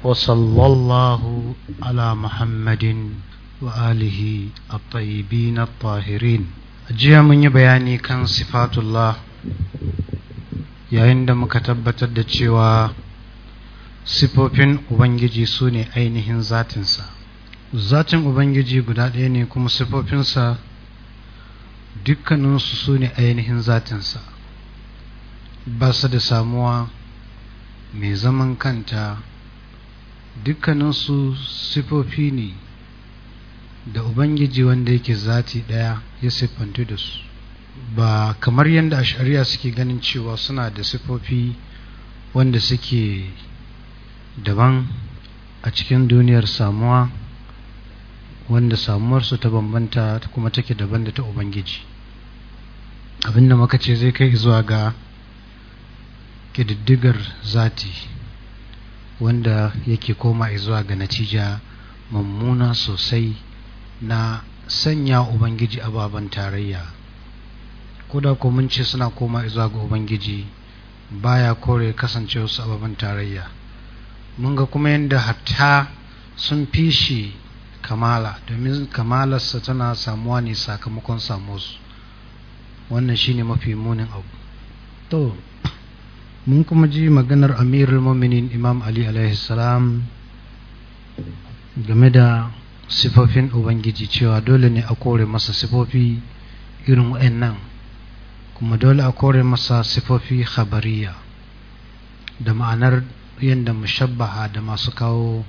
وصلى الله على محمد وآله الطيبين الطاهرين jiya mun yi bayani kan sifatullah yayin da muka tabbatar da cewa sifofin ubangiji su ne ainihin zatinsa zatin ubangiji guda ɗaya ne kuma sifofinsa dukkaninsu su ne ainihin zatinsa ba su da samuwa mai zaman kanta dukkaninsu sifofi ne da ubangiji wanda yake zati ɗaya ya siffantu da su ba kamar yadda a shari'a suke ganin cewa suna da sifofi wanda suke daban a cikin duniyar samuwa wanda samuwarsu ta bambanta kuma take daban da ta ubangiji abinda muka ce zai kai zuwa ga ƙididdigar zati wanda yake koma zuwa ga natija mummuna sosai na sanya ubangiji ababen tarayya ko da ko mun ce suna koma zuwa ga ubangiji baya kore kasancewa su ababen tarayya mun ga kuma yadda hatta sun fi shi kamala domin kamalarsa tana samuwa ne sakamakon samu wannan shine mafi munin abu to mun kuma ji maganar amirul muminin imam ali salam game da sifofin ubangiji cewa dole ne a kore masa sifofi irin wa'annan kuma dole a kore masa sifofi habariya. da ma'anar yadda mushabbaha da masu kawo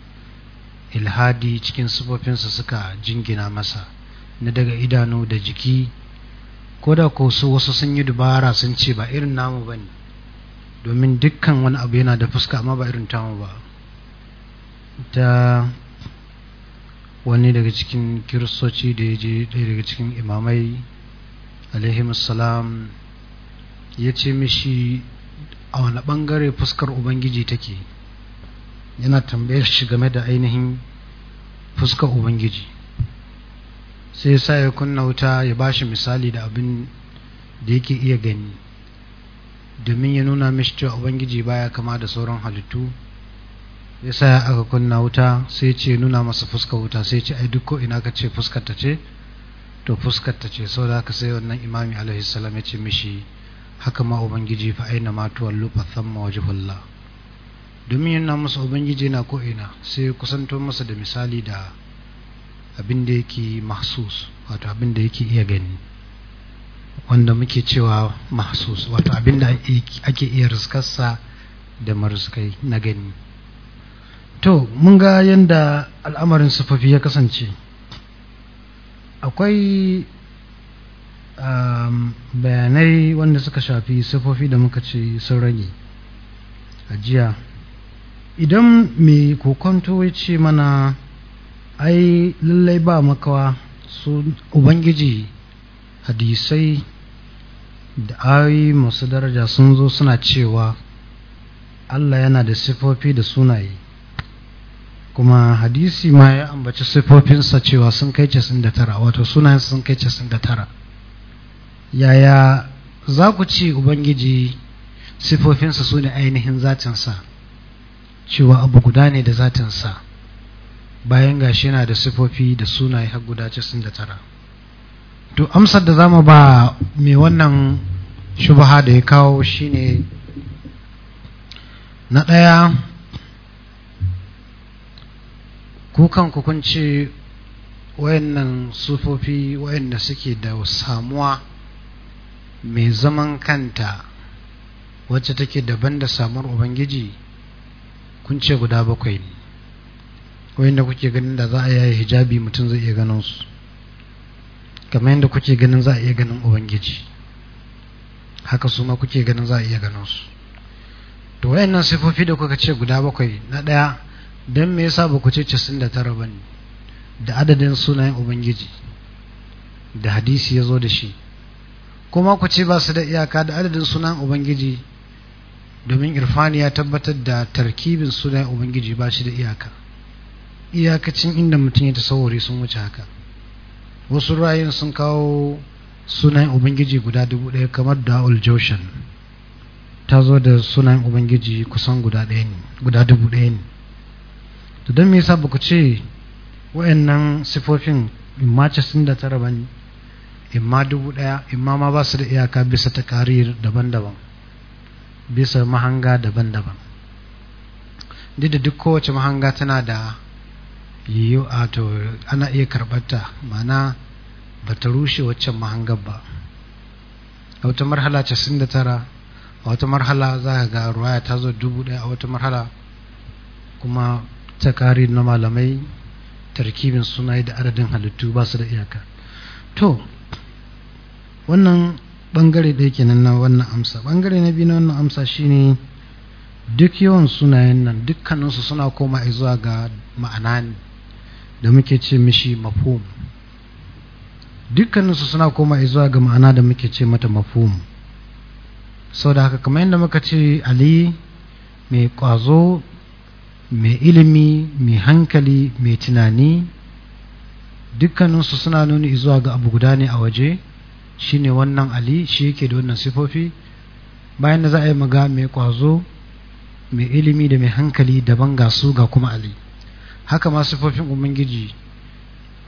ilhadi cikin sifofinsa suka jingina masa na daga idanu da jiki ko da ko wasu sun yi dubara sun ce ba irin namu ba ne domin dukkan wani abu yana da fuska amma ba irin tamu ba ta wani daga cikin kiristoci da ya je ɗaya daga cikin imamai alaihimussalam ya ce mishi a wani ɓangare fuskar ubangiji take yana tambayar shi game da ainihin fuskar ubangiji sai sa ya kunna wuta ya ba shi misali da abin da yake iya gani domin ya nuna mishi cewa ubangiji baya kama da sauran halittu ya sa aka kunna wuta sai ce nuna masa fuskar wuta sai ce ai duk ko ina ka ce fuskar ta ce to fuskar ta ce sau da aka sai wannan imami alaihi salam ya ce mishi haka ma ubangiji fa aina ma tuwallu fa thamma wajhullah domin yana masa ubangiji na ko ina sai kusanto masa da misali da abin da yake mahsus wato abin da yake iya gani wanda muke cewa mahsus wato abinda ake iya rizkarsa da maruskai na gani to mun ga yadda al'amarin sufafi ya kasance akwai um, bayanai wanda suka shafi sufafi da muka ce sun rage jiya. idan mai kokonto ya ce mana ai lallai ba makawa su ubangiji hadisai da ayoyi masu daraja sun zo suna cewa Allah yana da sifofi da sunaye kuma hadisi ma ya ambaci sifofinsa cewa sun kai sun da tara wato sunayen sun kai sun da tara yaya za ku ci ubangiji sifofinsa su ne ainihin zatinsa cewa abu guda ne da zatinsa bayan gashi yana da sifofi da sunaye har guda sun da tara to amsar da zamu ba mai wannan shubha da ya kawo shine na ɗaya kukan kukunci wayannan sufofi wayanda suke da samuwa mai zaman kanta wacce take daban da samuwar ubangiji kun ce guda bakwai ne wayanda kuke ganin da za a yi hijabi mutum zai iya ganin su kamar yadda kuke ganin za a iya ganin ubangiji haka su ma kuke ganin za a iya ganin su to wayannan sifofi da kuka ce guda bakwai na ɗaya don me yasa ba ku ce casin da tara ba da adadin sunayen ubangiji da hadisi ya zo da shi kuma ku ce ba su da iyaka da adadin sunan ubangiji domin irfani ya tabbatar da tarkibin sunayen ubangiji ba shi da iyaka iyakacin inda mutum ya tasawuri sun wuce haka wasu ra'ayin sun kawo sunan ubangiji guda dubu ɗaya kamar da aljoshan ta zo da sunan ubangiji kusan guda ɗaya guda dubu ɗaya ne to don me yasa ba ku ce wa'annan sifofin imma casin da tara bane imma dubu ɗaya imma ma ba su da iyaka bisa ta karir daban-daban bisa mahanga daban-daban duk da duk kowace mahanga tana da yiwu a to ana iya karɓarta mana ba ta rushe waccan mahangar ba a wata marhala casin da tara a wata marhala za ka ga ruwaya ta zo dubu ɗaya a wata marhala kuma ta kari na malamai tarkibin yi da adadin halittu ba su da iyaka to wannan bangare ɗaya kenan na wannan amsa bangare na biyu na wannan amsa shine duk yawan sunayen nan dukkaninsu suna koma zuwa ga ma'ana ne da muke ce mishi mafhum dukkaninsu suna koma zuwa ga ma'ana da muke ce mata mafhum sau da haka kama yadda muka ce ali mai kwazo mai ilimi mai hankali mai tunani dukkaninsu suna nuni zuwa ga abu guda ne a waje shi ne wannan ali shi yake da wannan sifofi bayan da za a yi maga mai kwazo mai ilimi da mai hankali daban ga su ga kuma ali haka ma sufofin ubangiji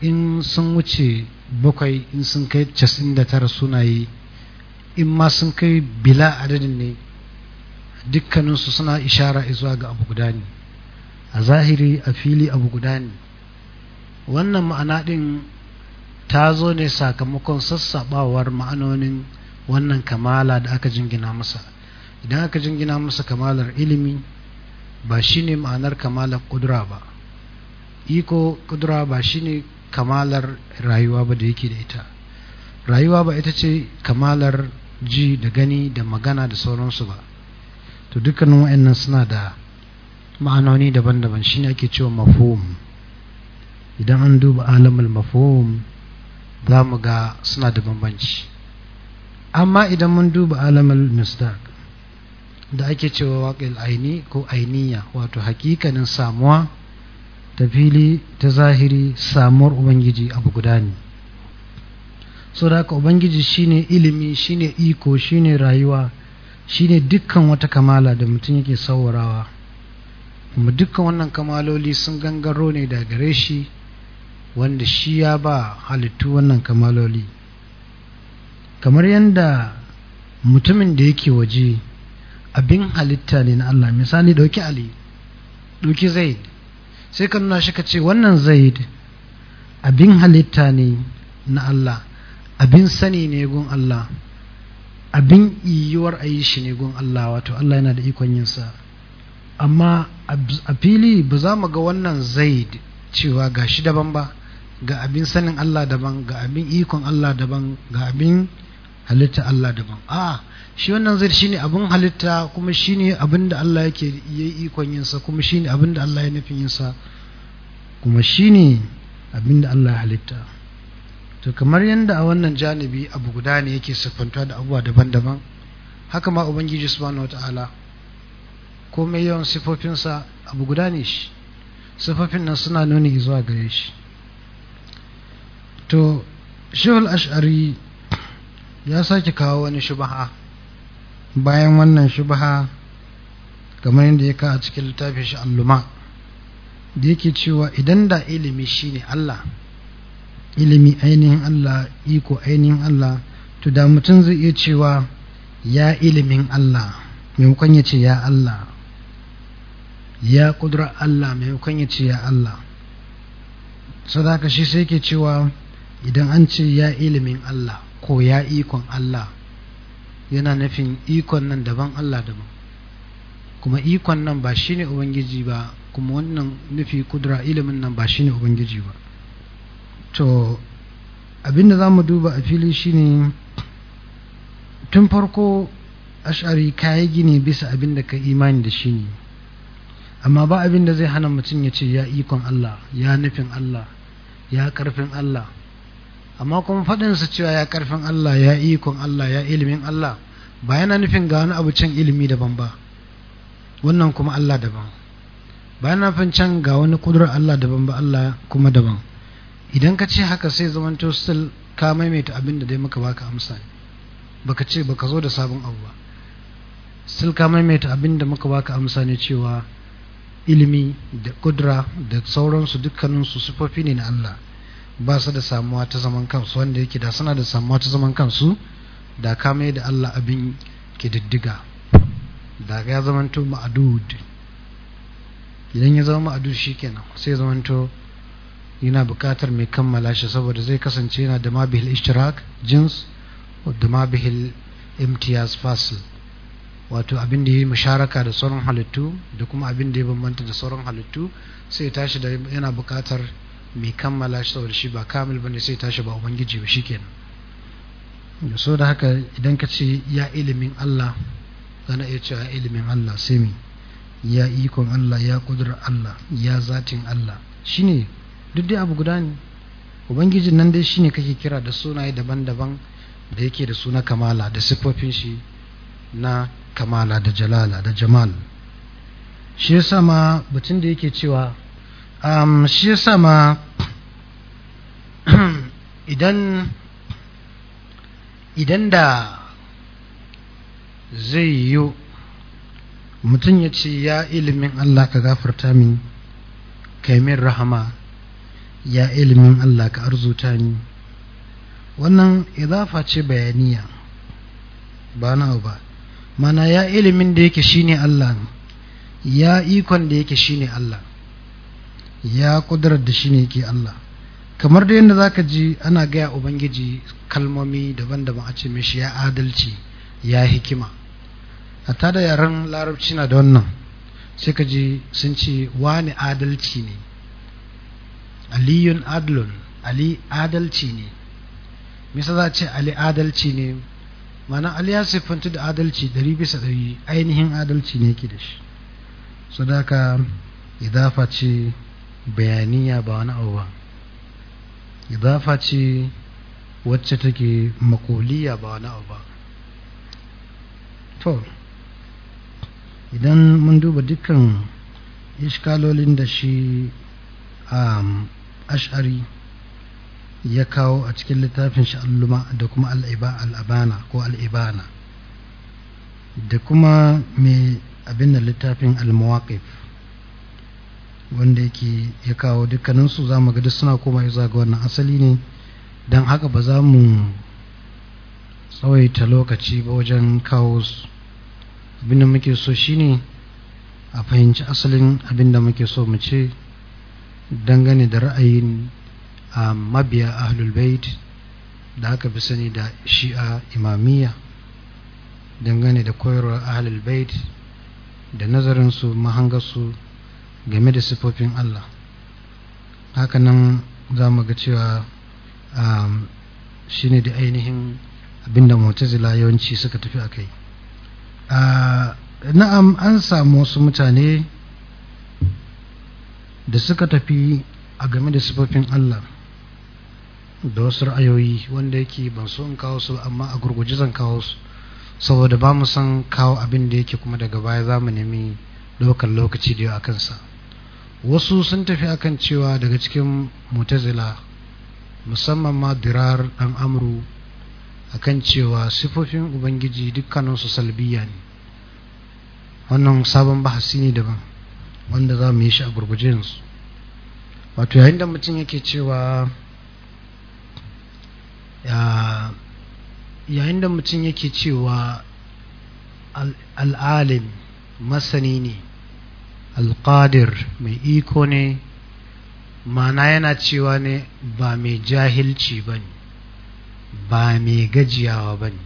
in sun wuce bakwai in sun kai casin da tara sunaye in ma sun kai bila adadin ne dukkaninsu suna ishara zuwa ga abu guda ne a zahiri a fili abu guda ne wannan ma'ana ɗin ta zo ne sakamakon sassaɓawar ma'anonin wannan kamala da aka jingina masa idan aka jingina masa kamalar ilimi ba shi ne ma'anar kamalar ƙudura ba iko kudura ba shine kamalar rayuwa ba da yake da ita rayuwa ba ita ce kamalar ji da gani da magana da sauransu ba to dukkanin wa'annan suna da ma'anoni daban-daban shine ake cewa mafhum idan an duba alamul mafhum za mu ga suna da bambanci amma idan mun duba alamul mustaq da ake cewa waƙil aini ko ainiya wato hakikanin samuwa ta fili ta zahiri samuwar ubangiji abu guda ne so da haka ubangiji shine ilimi shine iko shine rayuwa shine dukkan wata kamala da mutum yake saurawa kuma dukkan wannan kamaloli sun gangaro ne da gare shi wanda shi ya ba halittu wannan kamaloli kamar yadda mutumin da yake waje abin halitta ne na Allah misali ɗauki Ali dauki Zaid sai ka nuna shi ka ce wannan zaid abin halitta ne na Allah abin sani ne gun Allah abin iyuwar a yi shi ne gun Allah wato Allah yana da ikon yin sa amma a fili ba za mu ga wannan zaid cewa ga shi daban ba ga abin sanin Allah daban ga abin ikon Allah daban ga abin halitta Allah daban a shi wannan zai shine abin halitta kuma shine abin da Allah yake yi ikon yinsa kuma shine abin da Allah ya nufin yinsa kuma shine abin da Allah ya halitta to kamar yadda a wannan janibi abu guda ne yake siffantuwa da abubuwa daban-daban haka ma ubangiji subhanahu wataala komai yawan sifofinsa abu guda ne shi sifofin nan suna nuni zuwa gare shi to shehul ash'ari ya sake kawo wani shubaha bayan wannan shubha kamar yadda ya kawo cikin littafin shi alluma da yake cewa idan da ilimi shine Allah ilimi ainihin Allah iko ainihin Allah to da mutum zai iya cewa ya ilimin Allah hukun ya ce ya Allah ya kudura Allah hukun ya ce ya Allah sadaka shi sai ke cewa idan an ce ya ilimin Allah ko ya ikon Allah yana nufin ikon nan daban Allah daban kuma ikon nan ba shine ubangiji ba kuma wannan nufi kudura ilimin nan ba shine ubangiji ba to abinda za mu duba a fili shine tun farko ash'ari kayi gini bisa abinda ka imani da shi ne amma ba abinda zai hana mutum ya ce ya ikon Allah ya nufin Allah ya karfin Allah amma kuma faɗinsa cewa ya karfin Allah ya ikon Allah ya ilimin Allah ba yana nufin ga wani abu can ilimi daban ba wannan kuma Allah daban ba yana nufin can ga wani kudurar Allah daban ba Allah kuma daban idan ka ce haka sai zamanto still ka maimaita abin da dai maka baka amsa ne baka ce baka zo da sabon abu ba still ka maimaita abin da maka baka amsa ne cewa ilimi da kudura da sauransu dukkaninsu sufofi ne na Allah ba su da samuwa ta zaman kansu wanda yake da suna da samuwa ta zaman kansu da ka mai da Allah abin kididdiga da ya zamanto ma'adud idan ya zama ma'adud shikenan sai zamanto yana bukatar mai kammala shi saboda zai kasance yana da mabihil ishtirak jins da mabihil imtiyaz fasil wato abin da ya yi musharaka da sauran halittu da kuma abin da ya bambanta da sauran halittu sai tashi da yana buƙatar mai kammala shi saboda shi ba kamil ne sai tashi ba ubangiji ba kenan. so da haka idan ka ce ya ilimin Allah zana iya cewa ilimin Allah sai mi ya ikon Allah ya kudurar Allah ya zatin Allah shine duk dai abu guda ne ubangijin nan dai shine kake kira da sunaye daban-daban da yake da suna kamala da siffofin shi na kamala da jalala da jamal shi yasa ma batun da yake cewa um, shi yasa ma idan idan da zai yiwu mutum ya ce ya ilimin Allah ka gafarta min kaimin min rahama ya ilimin Allah ka arzuta ni wannan idafa ce bayaniya ba na ba mana ya ilimin da yake shine Allah ya ikon da yake shine Allah ya kudurar da shine yake Allah kamar da yadda zaka ji ana gaya ubangiji kalmomi daban-daban a ce mishi ya adalci ya hikima a tada yaren larabci na da wannan sai ka ji sun ce wani adalci ne aliyun adlun ali adalci ne misa za ce ali adalci ne mana ali ya siffanta da adalci dari bisa ɗari ainihin adalci ne ke da shi sadaka idafa ce bayaniya ba wani abu ba idafa ce wacce take makoliya ba wani abu ba to idan mun duba dukkan iskalolin da shi a ash'ari ya kawo a cikin littafin sha'alluma da kuma al'abana ko al'ibana da kuma mai abin da littafin al wanda yake ya kawo dukkaninsu za mu ga duk suna koma zuwa ga wannan asali ne don haka ba za mu tsawaita lokaci ba wajen kawo su abinda muke so shine a fahimci asalin abinda muke so mu ce dangane da ra'ayin a mabiya ahlul bait da aka fi sani da shi'a imamiyya dangane da koyarwar ahlul bait da nazarinsu mahangarsu game da sifofin Allah hakanan za mu ga cewa um, shi ne da ainihin abinda mutazila yawanci suka tafi a kai na'am an samu wasu mutane da suka tafi a game da sifofin Allah da wasu ra'ayoyi wanda yake ban so in kawo su amma a gurguji zan kawo su saboda ba mu san kawo abin da yake kuma daga baya za mu nemi lokacin lokaci da yau a kansa wasu sun tafi akan cewa daga cikin mutazila musamman ma dirar dan amru akan cewa sifofin ubangiji dukkaninsu salbiya ne wannan sabon bahasi ne daban wanda za mu yi shi a gurguje yanzu wato yayin da mutum yake cewa yayin da mutum yake cewa al'alim masani ne alƙadir mai iko ne mana yana cewa ne ba mai jahilci ba ne ba mai gajiyawa ba ne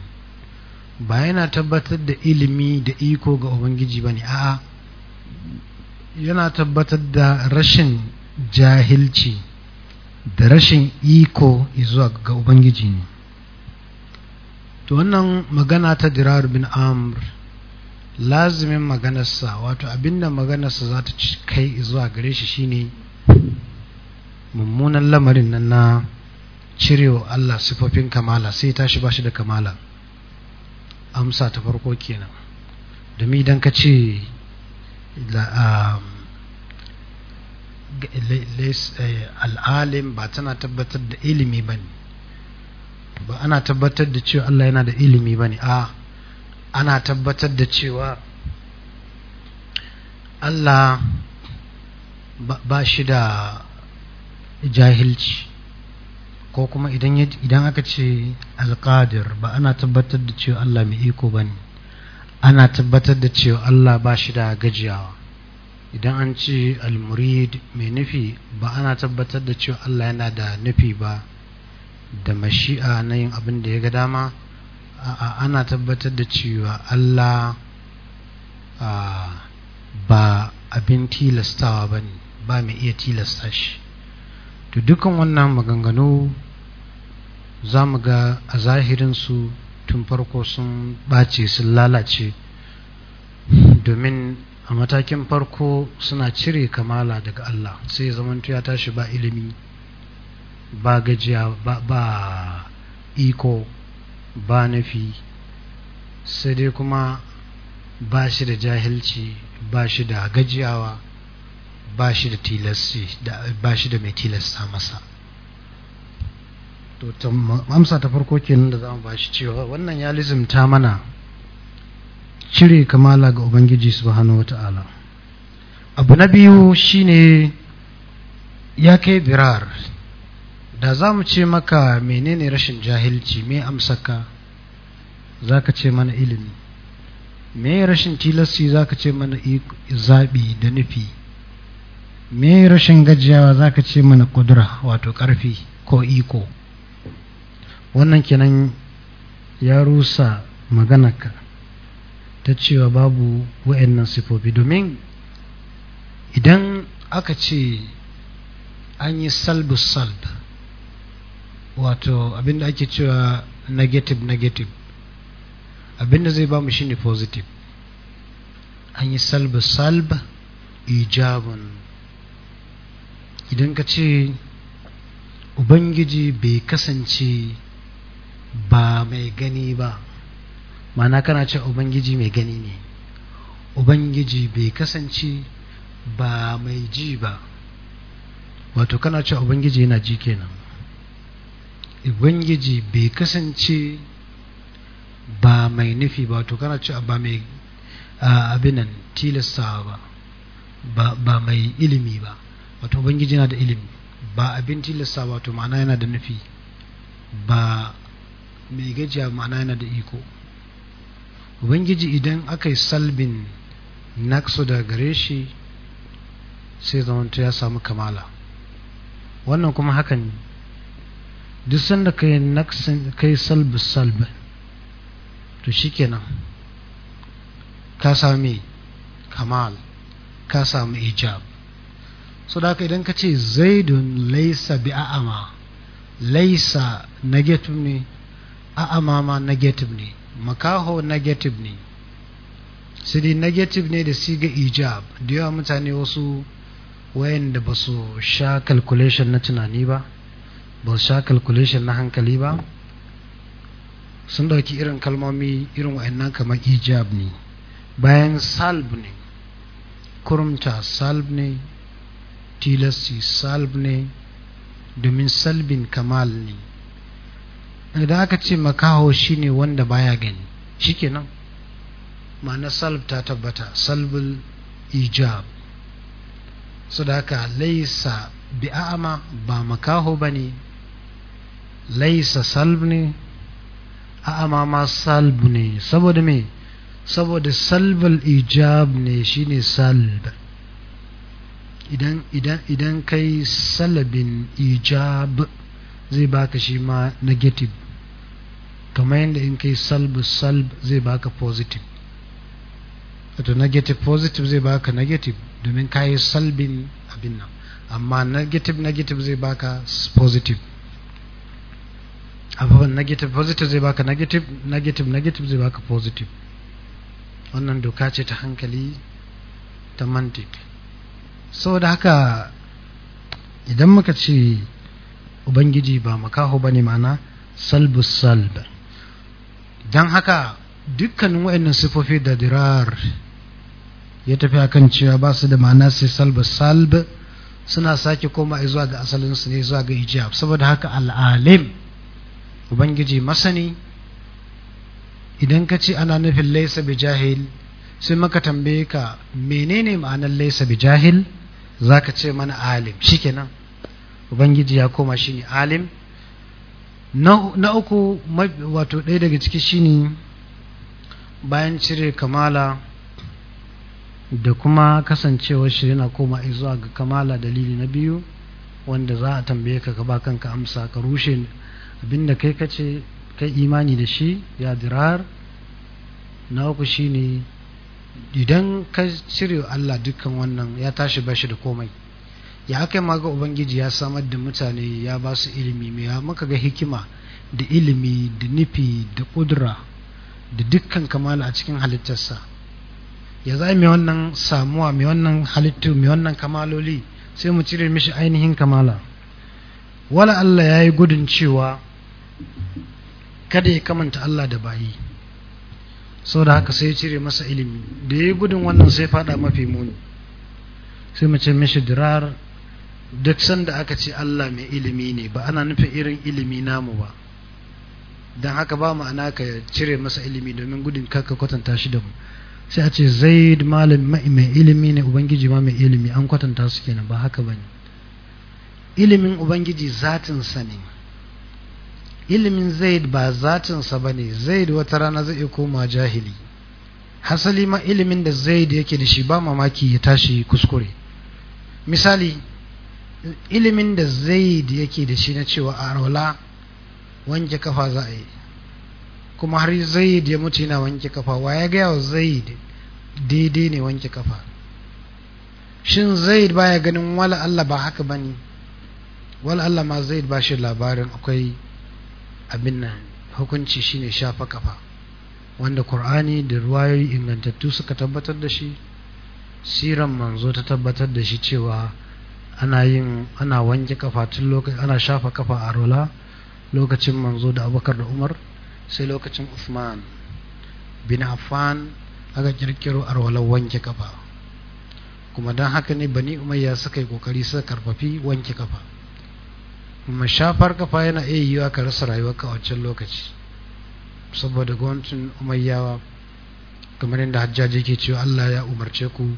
ba yana tabbatar da ilimi da iko ga ubangiji ba ne a'a yana tabbatar da rashin jahilci da rashin iko zuwa ga ubangiji ne to wannan magana ta dirar bin amr lazimin maganarsa wato abinda maganarsa za ta kai zuwa gare shi shine mummunan lamarin nan na cirewa Allah sifofin kamala sai tashi bashi da kamala amsa ta farko kenan domin idan ka ce um, eh, al'alim ba tana tabbatar da ilimi ba ne ba ana tabbatar da cewa Allah yana da ilimi ba ne a ana tabbatar da cewa Allah ba shi da jahilci ko kuma idan aka ce alƙadir ba ana tabbatar da cewa Allah mai iko ba ne ana tabbatar da cewa Allah ba shi da gajiyawa idan an ce almurid mai nufi ba ana tabbatar da cewa Allah yana da nufi ba da mashi'a na yin abin da ya ga dama A'a ana tabbatar da cewa Allah ba abin tilastawa ba ne ba mai iya tilasta shi to dukkan wannan maganganu za mu ga a zahirinsu tun farko sun ɓace sun lalace domin a matakin farko suna cire kamala daga Allah sai zamantu ya tashi ba ilimi ba gajiya ba iko ba nafi sai dai kuma ba shi da jahilci ba shi da gajiyawa ba shi da mai tilasta masa to amsa ta farko kenan da za mu bashi cewa wannan ya lizimta mana cire kamala ga ubangiji su hannu wata'ala abu na biyu shine ya kai birar da za mu ce maka menene rashin jahilci me amsaka za ka ce mana ilimi me rashin tilasti za ka ce mana zaɓi da nufi me rashin gajiyawa za ka ce mana kudura wato ƙarfi ko iko wannan kenan ya rusa maganarka ta cewa babu wa'annan sifofi domin idan aka ce an yi salbus salb wato abinda ake cewa negative negative abinda zai ba mu shine positive an yi salba salba ijabun idan ka ce ubangiji bai kasance ba mai gani ba mana kana ce ubangiji mai gani ne ubangiji bai kasance ba mai ji ba wato kana ce ubangiji yana ji kenan ubangiji bai kasance ba mai nufi ba to kana ci ba mai abinan tilasta ba ba mai ilimi ba wato ubangiji yana da ilimi ba abin tilasta to ma'ana yana da nufi ba mai gajiya ma'ana yana da iko ubangiji idan aka yi salbin naksu da gare shi sai zamanto ya samu kamala wannan kuma hakan duk sanda ka yi naksin kai salbi salbi to shikenan ka sami kamal ka sami ijab so da idan ka ce zaidun laisa bi a'ama laisa negative ne a'ama ma negative ne makaho negative ne sai dai negative ne da siga ijab da yawa mutane wasu wayanda ba su sha calculation na tunani ba ba sha calculation na hankali ba sun dauki irin kalmomi irin wa'annan kamar ijab ne bayan salb ne kurumta salb ne tilasi salb ne domin salbin kamal ne idan aka ce makaho shine wanda baya gani shikenan ma'ana salb ta tabbata salbul ijab sadaka laisa bi'ama ba makaho bane laisa salb ne a ma salb ne saboda me saboda salbal ijab ne shine salb idan idan idan kai salabin ijab zai baka shi ma negative kamar yadda in kai salb salb zai baka positive wato negative positive zai baka negative domin kayi salbin abin nan amma negative negative zai baka positive abubuwan negative positive zai baka negative negative negative zai baka positive wannan doka ce ta hankali ta mantik saboda haka idan muka ce ubangiji ba makaho ba ne mana salbus don haka dukkanin wa'annan sifofi da dirar ya tafi akan cewa ba su da ma'ana sai salbus suna sake koma zuwa ga asalinsu ne zuwa ga hijab saboda haka al'alim ubangiji masani idan ka ce ana nufin laisa bi jahil sai maka tambaye ka menene ma'anar laisa bi jahil za ka ce mana alim shikenan ubangiji ya koma shi ne alim na uku wato ɗaya daga ciki shine bayan cire kamala da kuma kasancewar shi yana koma zuwa ga kamala dalili na biyu wanda za a tambaye ka ka ba kanka amsa ka rushe abinda kai kace kai imani da shi ya dirar na uku shine idan ka cire Allah dukkan wannan ya tashi bashi da komai ya kai ma ga ubangiji ya samar da mutane ya ba su ilimi mai ya maka ga hikima da ilimi da nufi da kudura da dukkan kamala a cikin halittarsa ya zai mai wannan samuwa mai wannan halittu mai wannan kamaloli sai mu cire mishi ainihin kamala wala Allah ya yi gudun cewa kada ya kamanta Allah da bayi sau da haka sai ya cire masa ilimi da ya gudun wannan sai fada mafi muni sai mace mashi dirar duk sanda aka ce Allah mai ilimi ne ba ana nufin irin ilimi namu ba don haka ba ma'ana ka cire masa ilimi domin gudun kaka kwatanta shi da mu sai a ce zaid malam mai ilimi ne ubangiji ma mai ilimi an kwatanta su kenan ba haka bane ilimin ubangiji zatinsa ne ilimin zaid ba zatinsa ba ne zaid wata rana zai koma jahili hasali ma ilimin da zaid yake da shi ba mamaki ya tashi kuskure misali ilimin da zaid yake da shi na cewa a rola wanke kafa za a yi kuma har zaid ya mutu yana wanke kafa wa ya gaya wa zaid daidai ne wanke kafa shin zaid baya ganin wala Allah ba haka bane wala Allah ma zaid ba shi labarin akwai abin nan hukunci shine shafa kafa wanda Qur'ani da ruwayoyi ingantattu suka tabbatar da shi siran manzo ta tabbatar da shi cewa ana yin ana wanke kafa tun lokacin ana shafa kafa a rola lokacin manzo da Abubakar da Umar sai lokacin Usman. bin Affan aka kirkiro arwalar wanke kafa kuma don haka ne bani umayya suka yi kokari suka karfafi wanke kafa mashafar kafa yana iya yiwa ka rasa rayuwarka a wancan lokaci saboda gwamnatin umayyawa kamar yadda hajjaji ke cewa Allah ya umarce ku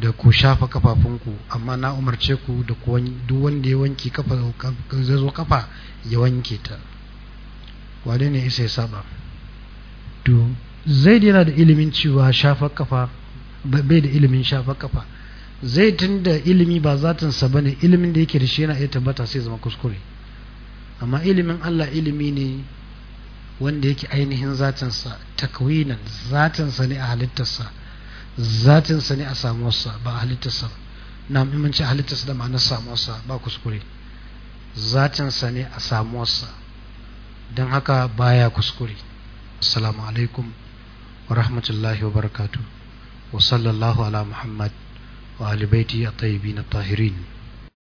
da ku shafa kafafunku amma na umarce ku da duk wanda ya wanke kafa zai zo kafa ya wanke ta wane ne isa ya saba to zai yana da ilimin cewa shafa kafa bai da ilimin shafa kafa zai tun da ilimi ba zatinsa ba ne ilimin da yake da shi yana iya tabbata sai zama kuskure amma ilimin Allah ilimi ne wanda yake ainihin zatinsa takwinan zatinsa ne a halittarsa zatinsa ne a samuwarsa ba a halittarsa na a halittarsa da ma'anar samuwarsa ba kuskure zatinsa ne a samuwarsa don haka baya kuskure assalamu alaikum wa rahmatullahi wa barakatu wa sallallahu ala muhammad وآل بيته الطيبين الطاهرين